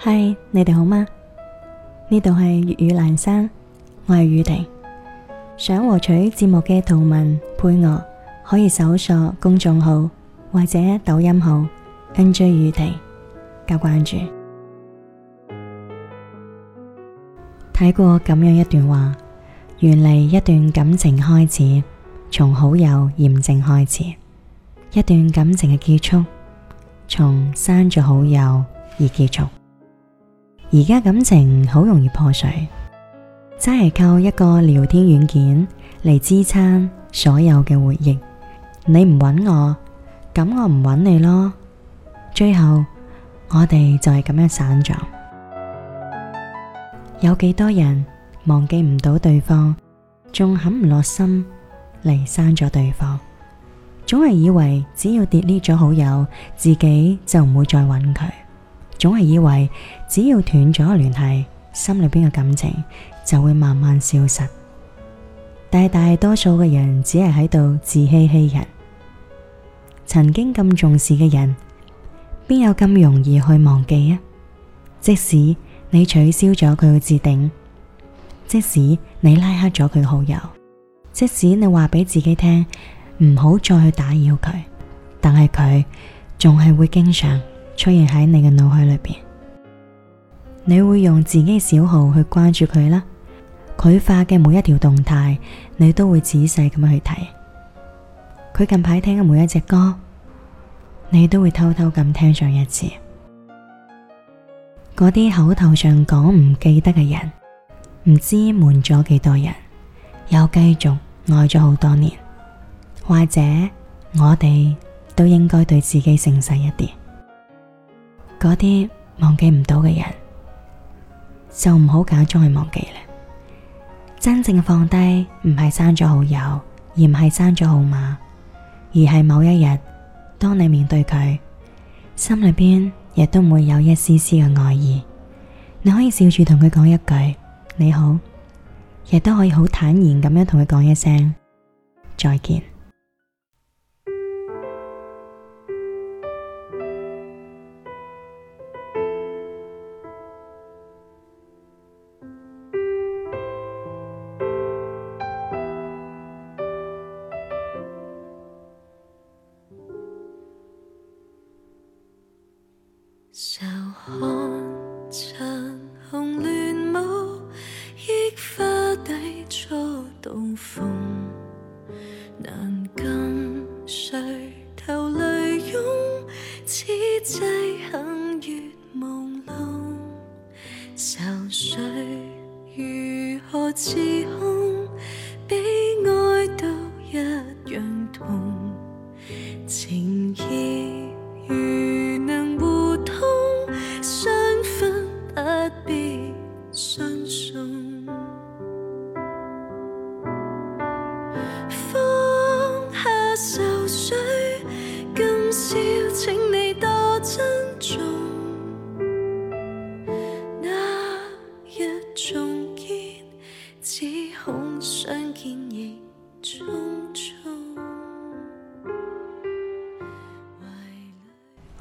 嗨，Hi, 你哋好嗎？呢度係粵語闌珊，我係宇婷。想獲取節目嘅圖文配樂，可以搜索公眾號或者抖音號 NJ 宇婷加關注。睇過咁樣一段話，原嚟一段感情開始，從好友驗證開始，一段感情嘅結束，從刪咗好友而結束。而家感情好容易破碎，真係靠一個聊天軟件嚟支撐所有嘅回憶。你唔揾我，咁我唔揾你咯。最後我哋就係咁樣散咗。有幾多人忘記唔到對方，仲狠唔落心嚟刪咗對方？總係以為只要 delete 咗好友，自己就唔會再揾佢。總係以為只要斷咗聯繫，心裏邊嘅感情就會慢慢消失。但係大多數嘅人只係喺度自欺欺人。曾經咁重視嘅人，邊有咁容易去忘記啊？即使你取消咗佢嘅置頂，即使你拉黑咗佢好友，即使你話畀自己聽唔好再去打擾佢，但係佢仲係會經常，出現喺你嘅腦海裏邊，你會用自己嘅小號去關注佢啦。佢發嘅每一條動態，你都會仔細咁去睇。佢近排聽嘅每一隻歌，你都會偷偷咁聽上一次。嗰啲口頭上講唔記得嘅人，唔知瞞咗幾多人，又繼續愛咗好多年。或者我哋都應該對自己誠實一啲。嗰啲忘記唔到嘅人，就唔好假裝去忘記啦。真正嘅放低，唔係刪咗好友，而唔係刪咗號碼，而係某一日，當你面對佢，心裏邊亦都唔會有一絲絲嘅愛意。你可以笑住同佢講一句你好，亦都可以好坦然咁樣同佢講一聲再見。看殘紅亂舞，憶花底初度逢。難禁垂頭淚湧，此際幸月朦朧。愁緒如何自控？悲哀都一樣痛。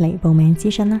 嚟報名諮詢啦！